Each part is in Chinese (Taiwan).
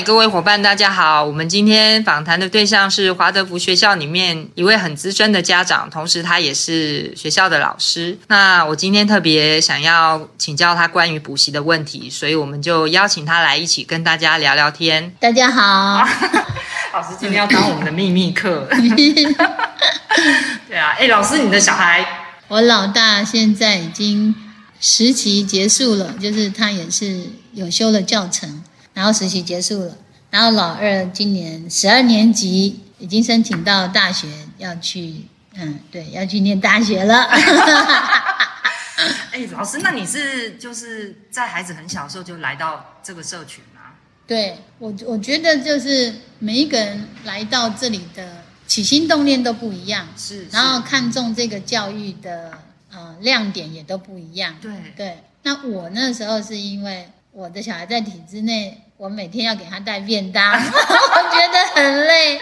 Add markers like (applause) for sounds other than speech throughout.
各位夥伴，大家好。我們今天訪談的對象是華德福學校裡面一位很資深的家長，同時他也是學校的老師。那我今天特別想要請教他關於補習的問題，所以我們就邀請他來一起跟大家聊聊天。大家好，啊、老師今天要當我們的秘密客。 (laughs) 對啊誒，老師，你的小孩？我老大現在已經實習結束了，就是他也是有修了教程。然後實習結束了，然後老二今年十二年級，已經申請到大學要去，嗯，對，要去念大學了。 (laughs) 哎，老師，那你是就是在孩子很小的時候就來到這個社群嗎？對我，我覺得就是每一個人來到這裡的起心動念都不一樣，是，是，然後看中這個教育的呃亮點也都不一樣。對對，那我那時候是因為我的小孩在體制內。我每天要給他帶便當，我覺得很累。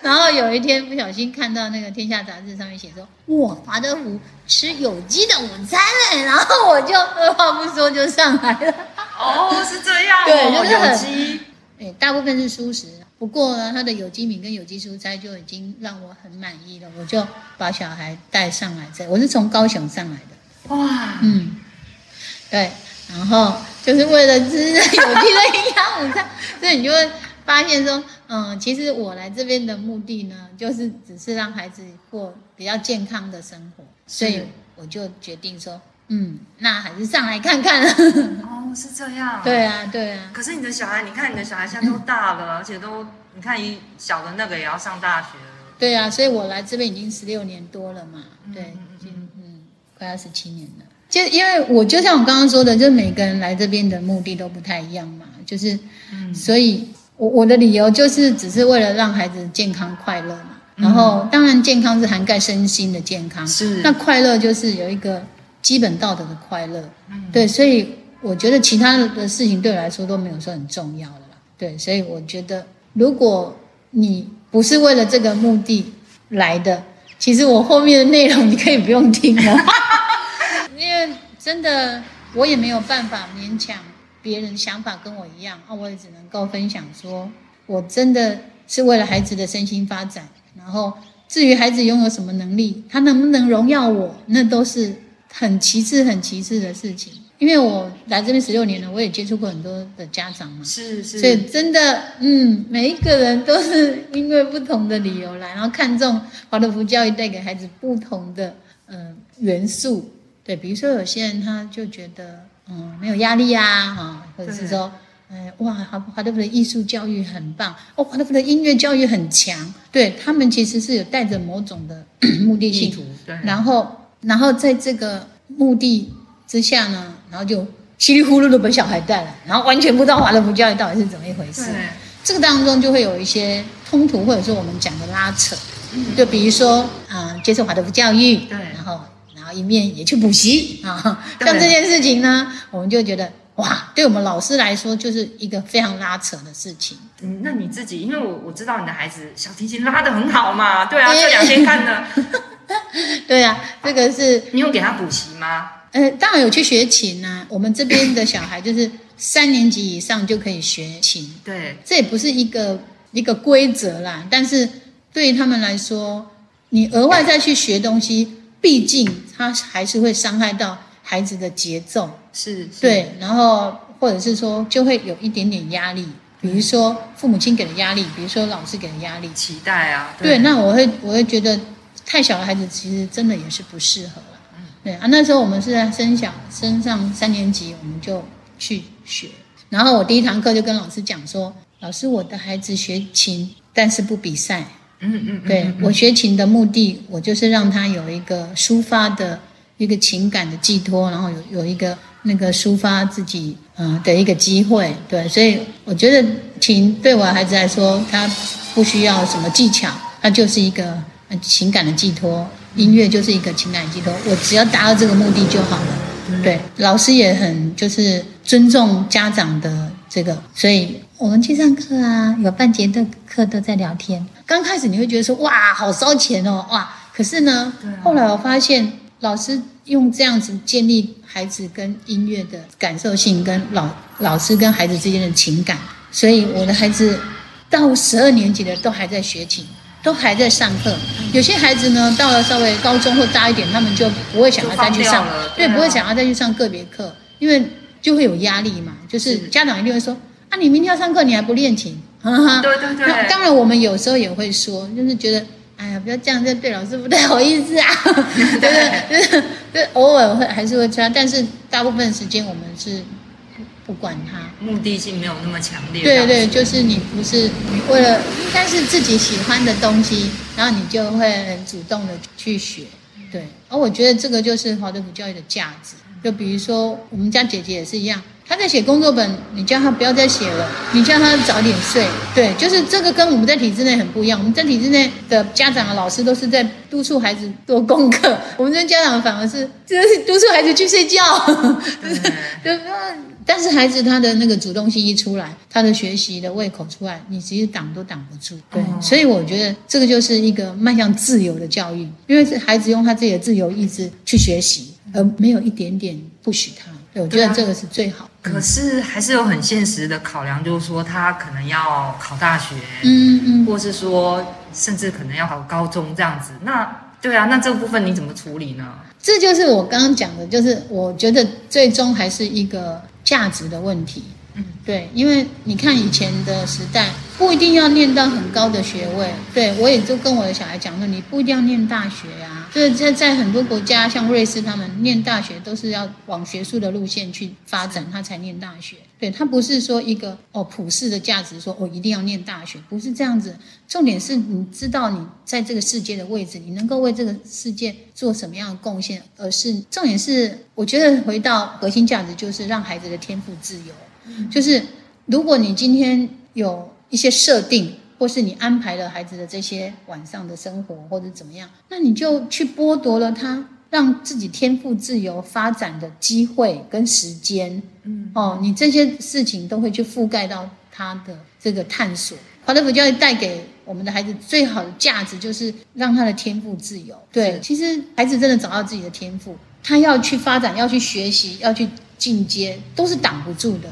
然後有一天不小心看到那個《天下雜誌》上面寫着：“哇，華德福吃有機的午餐嘞、欸！”然後我就二話不說就上來了。哦，是這樣、哦。 (laughs) 對，我就是很。哎，大部分是蔬食，不過呢，他的有機米跟有機蔬菜就已經讓我很滿意了。我就把小孩帶上來這，我是從高雄上來的。哇。嗯。對，然後就是為了吃有機的。所以你就會發現說，嗯，其實我來這邊的目的呢，就是只是讓孩子過比較健康的生活，所以我就決定說，嗯，那還是上來看看，呵呵。哦，是這樣。對啊，對啊。可是你的小孩，你看你的小孩現在都大了，嗯，而且都，你看小的那個也要上大學了。對啊，所以我來這邊已經十六年多了嘛，對，嗯，嗯，嗯，已經快要十七年了。就因為我就像我剛剛說的，就是每個人來這邊的目的都不太一樣嘛，就是，嗯、所以我我的理由就是只是為了讓孩子健康快樂嘛。嗯、然後當然健康是涵蓋身心的健康，是。那快樂就是有一個基本道德的快樂、嗯，對。所以我覺得其他的事情對我來說都沒有說很重要的啦。對，所以我覺得如果你不是為了這個目的來的，其實我後面的內容你可以不用聽了。 (laughs) 真的，我也沒有辦法勉強別人想法跟我一樣啊！我也只能夠分享說，我真的是為了孩子的身心發展。然後，至於孩子擁有什麼能力，他能不能榮耀我，那都是很其次、很其次的事情。因為我來這邊十六年了，我也接觸過很多的家長嘛，是是。所以，真的，嗯，每一個人都是因為不同的理由來，然後看重華德福教育帶給孩子不同的嗯元素。對，比如說有些人他就覺得，嗯，沒有壓力啊，或者是說，嗯、哎，哇，華華德福的藝術教育很棒，哦，華德福的音樂教育很強，對，他們其實是有帶着某種的呵呵目的性，然後，然後在這個目的之下呢，然後就稀里糊塗的把小孩帶了，然後完全不知道華德福教育到底是怎麼一回事，這個當中就會有一些衝突，或者說我們講的拉扯、嗯，就比如說，啊，接受華德福教育，對，然後。一面也去補習啊，啊，像這件事情呢，啊、我們就覺得哇，對我們老師來說就是一個非常拉扯的事情。嗯，那你自己，因為我我知道你的孩子小提琴拉得很好嘛，對啊，哎、這兩天看的對啊，這個是你有給他補習嗎？呃，當然有去學琴啊。我們這邊的小孩就是三年級以上就可以學琴，對，這也不是一個一個規則啦，但是對於他們來說，你額外再去學東西，畢竟他還是會傷害到孩子的節奏，是，是對，然後或者是說就會有一點點壓力，比如說父母親給的壓力，比如說老師給的壓力，期待啊，對，對，那我會我會覺得太小的孩子其實真的也是不適合了、啊，嗯，對啊，那時候我們是在升小升、嗯、上三年級，我們就去學，然後我第一堂課就跟老師講說，老師我的孩子學琴，但是不比賽。嗯嗯，嗯，對，我學琴的目的，我就是讓他有一個抒發的一個情感的寄托，然後有有一個那個抒發自己呃的一個機會。對，所以我覺得琴對我孩子來說，他不需要什麼技巧，他就是一個、呃、情感的寄托，音樂就是一個情感的寄托。我只要達到這個目的就好了。對，老師也很就是尊重家長的這個，所以我們去上課啊，有半節的課都在聊天。剛開始你會覺得說，哇，好燒錢哦，哇，可是呢，啊、後來我發現老師用這樣子建立孩子跟音樂的感受性，跟老老師跟孩子之間的情感，所以我的孩子到十二年級的都還在學琴，都還在上課、嗯。有些孩子呢，到了稍微高中或大一點，他們就不會想要再去上了對、啊，對，不會想要再去上個別課，因為就會有壓力嘛。就是家長一定會說，啊，你明天要上課，你還不練琴。嗯、對對對，當然我們有時候也會說，就是覺得，哎呀，不要這樣，這對老師不太好意思啊，對不對、？ (laughs) 就是，就是就是就是、偶爾會還是會這樣，但是大部分時間我們是不管它。目的性沒有那麼強烈。嗯、對對，就是你不是你為了，應該是自己喜歡的東西，然後你就會很主動的去學，對。而我覺得這個就是華德福教育的價值。就比如說，我們家姐姐也是一樣。他在寫工作本，你叫他不要再寫了，你叫他早點睡。對，就是這個跟我們在體制內很不一樣。我們在體制內的家長和老師都是在督促孩子做功課，我們這邊家長反而是的、就是督促孩子去睡覺呵呵、就是就是。但是孩子他的那個主動性一出來，他的學習的胃口出來，你其實擋都擋不住。對、哦，所以我覺得這個就是一個邁向自由的教育，因為是孩子用他自己的自由意志去學習，而沒有一點點不許他。我覺得這個是最好，啊，可是還是有很現實的考量，就是說他可能要考大學，嗯嗯，或是說甚至可能要考高中這樣子。那對啊，那這部分你怎麼處理呢？這就是我剛剛講的，就是我覺得最終還是一個價值的問題。嗯，對，因為你看以前的時代，不一定要念到很高的學位。對，我也就跟我的小孩講說，你不一定要念大學呀，啊。就是在很多國家，像瑞士，他們念大學都是要往學術的路線去發展，他才念大學。對，他不是說一個哦普世的價值說，說、哦、我一定要念大學，不是這樣子。重點是你知道你在這個世界的位置，你能夠為這個世界做什麼樣的貢獻，而是重點是，我覺得回到核心價值就是讓孩子的天賦自由、嗯。就是如果你今天有一些設定。或是你安排了孩子的這些晚上的生活，或者怎麼樣，那你就去剝奪了他讓自己天賦自由發展的機會跟時間。嗯，哦，你這些事情都會去覆蓋到他的這個探索。華德福教育帶給我們的孩子最好的價值，就是讓他的天賦自由。對，其實孩子真的找到自己的天賦，他要去發展，要去學習，要去進階，都是擋不住的。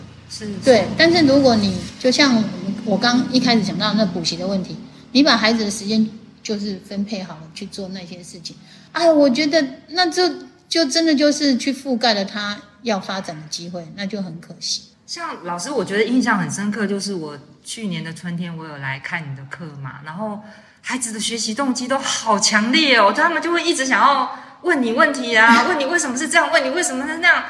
對，但是如果你就像我剛一開始講到那補習的問題，你把孩子的時間就是分配好了去做那些事情，哎、啊，我覺得那這就，就真的就是去覆蓋了他要發展的機會，那就很可惜。像老師，我覺得印象很深刻，就是我去年的春天我有來看你的課嘛，然後孩子的學習動機都好強烈哦，他們就會一直想要問你問題啊，問你為什麼是這樣，問你為什麼是那樣。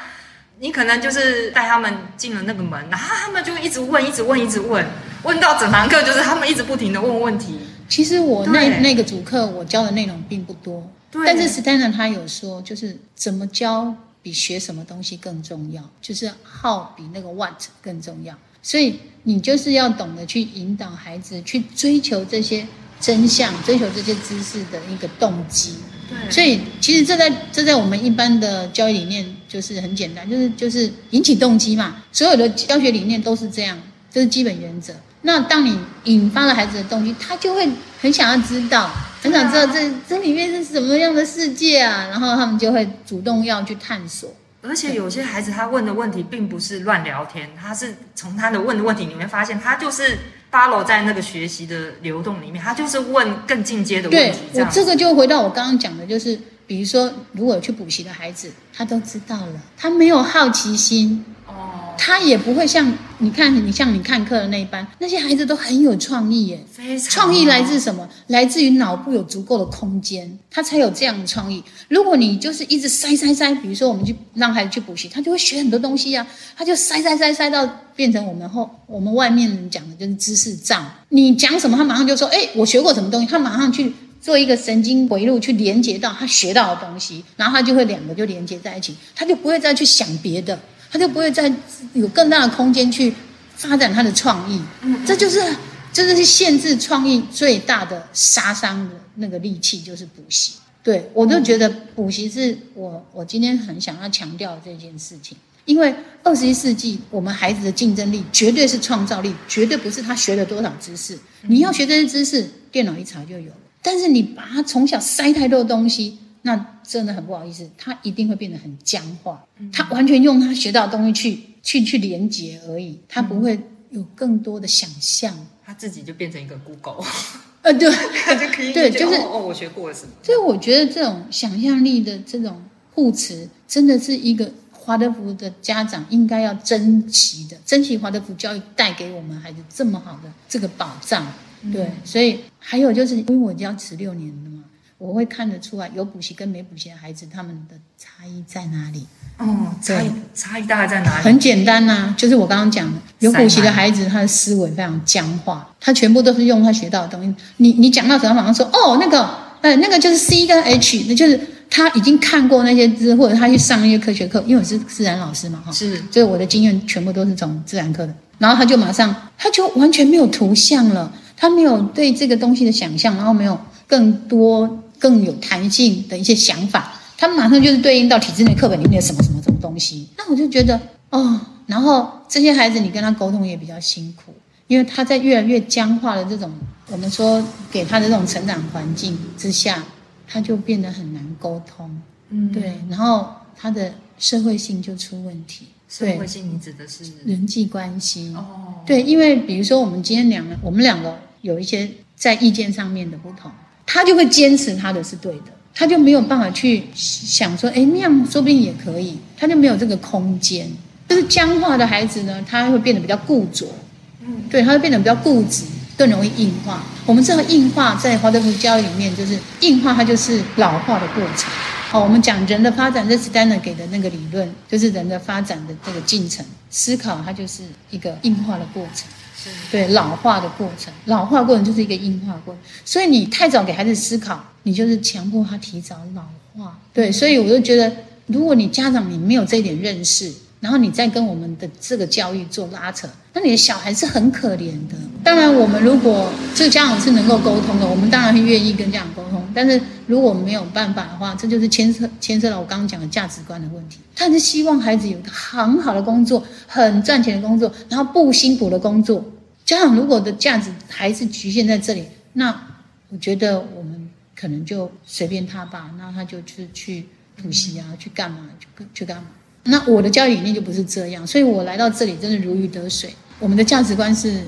你可能就是帶他們進了那個門，然後他們就一直問，一直問，一直問，問到整堂課就是他們一直不停的問問題。其實我那那個主課我教的內容並不多，對。但是 Steiner 他有說，就是怎麼教比學什麼東西更重要，就是 how 比那個 what 更重要。所以你就是要懂得去引導孩子去追求這些真相、追求這些知識的一個動機。對，所以，其實這在這在我們一般的教育理念就是很簡單，就是就是引起動機嘛。所有的教學理念都是這樣，這，就是基本原則。那當你引發了孩子的動機，他就會很想要知道，很想知道這、啊、這裡面是什麼樣的世界啊。然後他們就會主動要去探索。而且有些孩子他問的問題並不是亂聊天，他是從他的問的問題裡面發現，他就是。Follow 在那個學習的流動裡面，他就是問更進階的問題。對，這我這個就回到我剛剛講的，就是比如說，如果去補習的孩子，他都知道了，他沒有好奇心。哦。他也不會像你看你像你看課的那一班，那些孩子都很有創意耶，非常、啊。創意來自什麼？來自於腦部有足夠的空間，他才有這樣的創意。如果你就是一直塞塞塞，比如說我們去讓孩子去補習，他就會學很多東西啊，他就塞塞塞塞到變成我們後我們外面人講的就是知識障。你講什麼，他馬上就說：“哎，我學過什麼東西。”他馬上去做一個神經回路去連接到他學到的東西，然後他就會兩個就連接在一起，他就不會再去想別的。他就不會再有更大的空間去發展他的創意，這就是，這就是限制創意最大的殺傷的那個利器，就是補習。對，我就覺得補習是我我今天很想要強調的這件事情，因為二十一世紀我們孩子的競爭力絕對是創造力，絕對不是他學了多少知識。你要學這些知識，電腦一查就有了，但是你把他從小塞太多東西。那真的很不好意思，他一定會變得很僵化，嗯、他完全用他學到的東西去、嗯、去去連接而已，他不會有更多的想象，嗯、他自己就變成一個 Google， (laughs) 呃，對， (laughs) 他就可以對，就是哦，哦，我學過了什麼？所、就、以、是、我覺得這種想象力的這種護持，真的是一個華德福的家長應該要珍惜的，珍惜華德福教育帶給我們孩子這麼好的這個保障。對，嗯、所以還有就是，因為我教十六年了嘛。我會看得出來，有補習跟沒補習的孩子，他們的差異在哪裡？哦，差異差異大概在哪裡？很簡單吶、啊，就是我剛剛講的，有補習的孩子，他的思維非常僵化，他全部都是用他學到的東西。你你講到什麼，馬上說哦，那個呃、欸，那個就是 C 跟 H，那就是他已經看過那些字，或者他去上那些科學課，因為我是自然老師嘛，哈，是，所以我的經驗全部都是從自然課的。然後他就馬上，他就完全沒有圖像了，他沒有對這個東西的想象，然後沒有更多。更有彈性的一些想法，他們馬上就是對應到體制內課本裡面的什麼什麼什麼東西。那我就覺得哦，然後這些孩子你跟他溝通也比較辛苦，因為他在越來越僵化的這種我們說給他的這種成長環境之下，他就變得很難溝通，嗯，對，然後他的社會性就出問題。社會性你指的是人際關係？哦，對，因為比如說我們今天兩個我們兩個有一些在意見上面的不同。他就會堅持他的是對的，他就沒有辦法去想說，哎、欸，那樣說不定也可以，他就沒有這個空間。就是僵化的孩子呢，他會變得比較固著，嗯，對，他會變得比較固執，更容易硬化。我們知道硬化在華德福教育裡面，就是硬化，它就是老化的過程。好、哦，我們講人的發展，這是史代納給的那個理論，就是人的發展的那個進程，思考它就是一個硬化的過程。對，老化的過程，老化過程就是一個硬化過程。所以你太早給孩子思考，你就是強迫他提早老化。對，所以我就覺得，如果你家長你沒有這一點認識，然後你再跟我們的這個教育做拉扯，那你的小孩是很可憐的。當然，我們如果這個家長是能夠溝通的，我們當然會願意跟家長溝通。但是如果沒有辦法的話，這就是牽涉牽涉到我剛剛講的價值觀的問題。他是希望孩子有個很好的工作，很賺錢的工作，然後不辛苦的工作。家長如果的價值還是局限在這裡，那我覺得我們可能就隨便他吧，那他就去去補習啊，去幹嘛，嗯、就去去幹嘛。那我的教育理念就不是這樣，所以我來到這裡真的如魚得水。我們的價值觀是，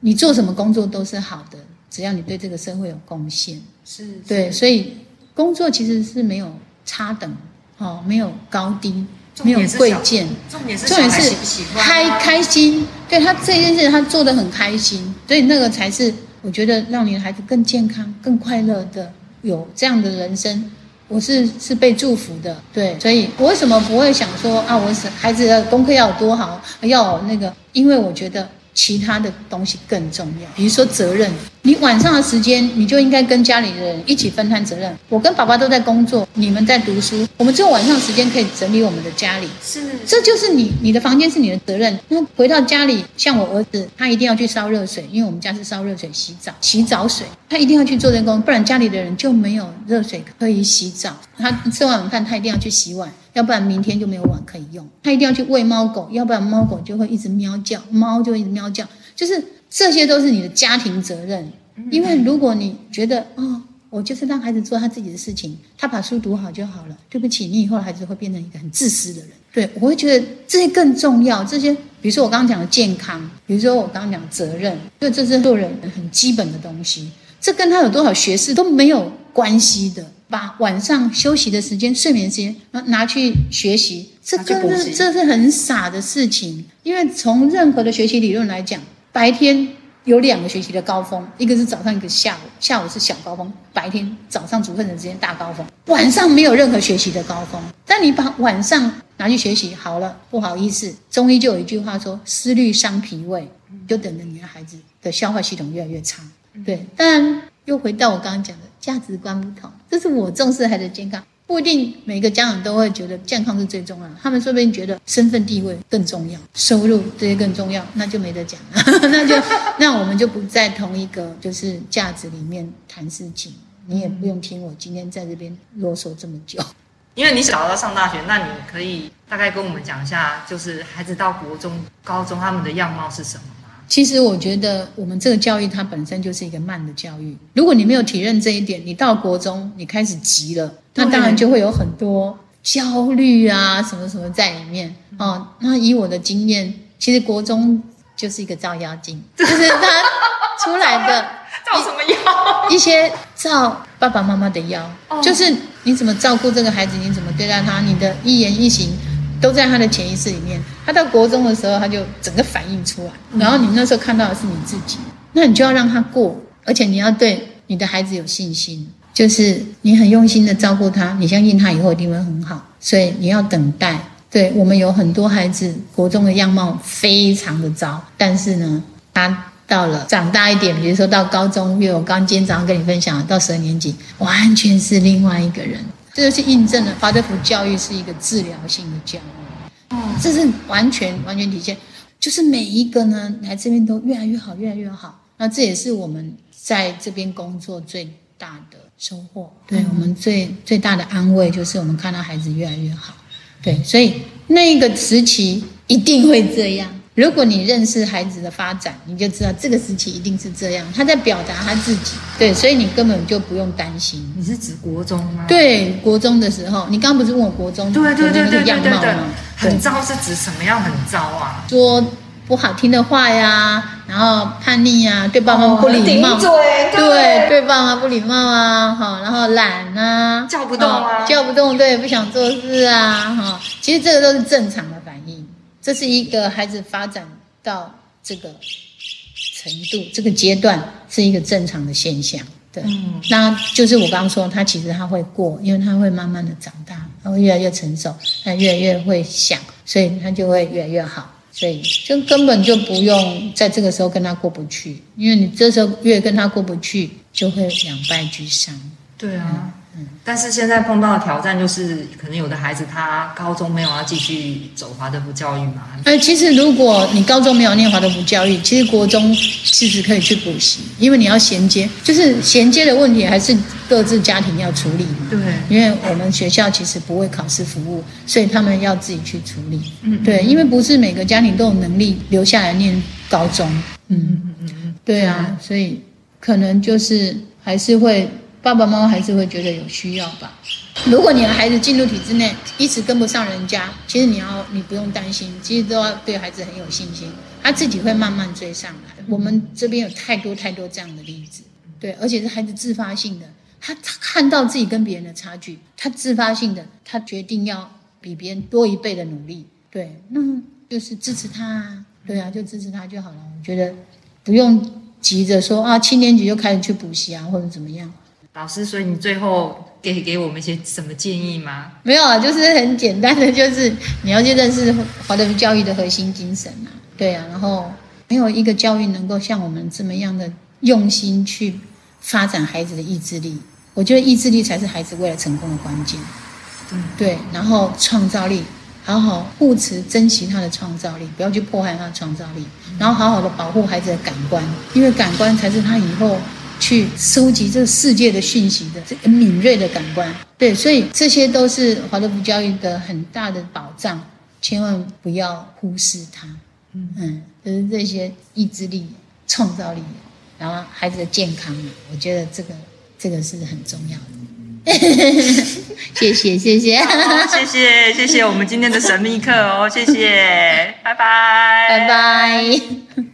你做什麼工作都是好的。只要你對這個社會有貢獻，是，是，對，所以工作其實是沒有差等，哦，沒有高低，沒有貴賤，重點是習不習、啊、重點是開開心，對，他這件事他做得很開心，所以那個才是我覺得讓你的孩子更健康、更快樂的，有這樣的人生，我是是被祝福的，對，所以我為什麼不會想說啊，我孩子的功課要有多好，要有那個，因為我覺得其他的東西更重要，比如說責任。你晚上的時間，你就應該跟家裡的人一起分攤責任。我跟爸爸都在工作，你們在讀書，我們只有晚上的時間可以整理我們的家裡。是，這就是你，你的房間是你的責任。那回到家裡，像我兒子，他一定要去燒熱水，因為我們家是燒熱水洗澡，洗澡水他一定要去做這個工，不然家裡的人就沒有熱水可以洗澡。他吃完晚飯，他一定要去洗碗，要不然明天就沒有碗可以用。他一定要去餵貓狗，要不然貓狗就會一直喵叫，貓就會一直喵叫，就是。這些都是你的家庭責任，因為如果你覺得哦，我就是讓孩子做他自己的事情，他把書讀好就好了。對不起，你以後的孩子會變成一個很自私的人。對，我會覺得這些更重要。這些，比如說我剛剛講的健康，比如說我剛剛講的責任，對，這是做人很基本的東西。這跟他有多少學識都沒有關係的。把晚上休息的時間、睡眠時間拿去學習，這不是，這是很傻的事情。因為從任何的學習理論來講。白天有兩個學習的高峰，一個是早上，一個是下午。下午是小高峰，白天早上主課的時間大高峰。晚上沒有任何學習的高峰，但你把晚上拿去學習，好了，不好意思，中醫就有一句話說，思慮傷脾胃，就等着你的孩子的消化系統越來越差。對，但又回到我剛剛講的，價值觀不同，這是我重視孩子的健康。不一定，每一個家長都會覺得健康是最重要的，他們說不定覺得身份地位更重要，收入這些更重要，那就沒得講了。 (laughs) 那就那我們就不在同一個就是價值裡面談事情，你也不用聽我今天在這邊囉嗦這麼久。因為你小孩要上大學，那你可以大概跟我們講一下，就是孩子到國中、高中他們的樣貌是什麼嗎？其實我覺得我們這個教育它本身就是一個慢的教育，如果你沒有體認這一點，你到國中你開始急了。那當然就會有很多焦慮啊，什麼什麼在裡面、嗯、哦，那以我的經驗，其實國中就是一個照妖鏡，這是他出來的 (laughs) 照,照什麼妖？一、一些照爸爸媽媽的妖、哦，就是你怎麼照顧這個孩子，你怎麼對待他，你的一言一行都在他的潛意識裡面。他到國中的時候，嗯、他就整個反應出來。然後你那時候看到的是你自己，嗯、那你就要讓他過，而且你要對你的孩子有信心。就是你很用心的照顧他，你相信他以後一定會很好，所以你要等待。對，我們有很多孩子國中的樣貌非常的糟，但是呢，他到了長大一點，比如說到高中，因為我剛剛今天早上跟你分享到十二年級，完全是另外一個人。這就是印證了華德福教育是一個治療性的教育。哦，這是完全完全體現，就是每一個呢來這邊都越來越好，越來越好。那這也是我們在這邊工作最大的收穫，對我們最、嗯、最大的安慰就是我們看到孩子越來越好，對，所以那一個時期一定會這樣。如果你認識孩子的發展，你就知道這個時期一定是這樣。他在表達他自己，對，所以你根本就不用擔心。你是指國中嗎？對，國中的時候，你剛剛不是問我國中的那個樣貌嗎？很糟是指什麼樣很糟啊？說。不好聽的話呀，然後叛逆呀、啊，對爸媽不禮貌，哦、對對爸媽不禮貌啊，哈，然後懶吶、啊，叫不動啊、哦，叫不動，對，不想做事啊，哈、哦，其實這個都是正常的反應，這是一個孩子發展到這個程度，這個階段是一個正常的現象，對，嗯、那就是我剛剛說，他其實他會過，因為他會慢慢的長大，他會越來越成熟，他越來越會想，所以他就會越來越好。所以，就根本就不用在這個時候跟他過不去，因為你這時候越跟他過不去，就會兩敗俱傷。對啊。嗯。嗯，但是現在碰到的挑戰就是，可能有的孩子他高中沒有要繼續走華德福教育嘛？哎，呃，其實如果你高中沒有念華德福教育，其實國中其實可以去補習，因為你要銜接，就是銜接的問題還是各自家庭要處理嘛。對，因為我們學校其實不為考試服務，所以他們要自己去處理。嗯，嗯，對，因為不是每個家庭都有能力留下來念高中。嗯嗯嗯嗯，對啊，所以可能就是還是會。爸爸媽媽還是會覺得有需要吧。如果你的孩子進入體制內，一直跟不上人家，其實你要你不用擔心，其實都要對孩子很有信心，他自己會慢慢追上來。我們這邊有太多太多這樣的例子，對，而且是孩子自發性的他，他看到自己跟別人的差距，他自發性的，他決定要比別人多一倍的努力，對，那就是支持他，啊，對啊，就支持他就好了。我覺得不用急着說啊，七年級就開始去補習啊，或者怎麼樣。老師，所以你最後給給我們一些什麼建議嗎？沒有啊，就是很簡單的，就是你要去認識華德福教育的核心精神啊。對啊，然後沒有一個教育能夠像我們這麼樣的用心去發展孩子的意志力。我覺得意志力才是孩子未來成功的關鍵。嗯，對。然後創造力，好好護持、珍惜他的創造力，不要去破壞他的創造力。然後好好的保護孩子的感官，因為感官才是他以後去收集這個世界的訊息的這個敏銳的感官，對，所以這些都是華德福教育的很大的保障，千萬不要忽視它。嗯嗯，就是這些意志力、創造力，然後孩子的健康，我覺得這個這個是很重要的。 (laughs) (laughs) 謝謝謝謝謝謝謝謝我們今天的秘密客哦，謝謝，拜 (laughs) 拜拜拜。拜拜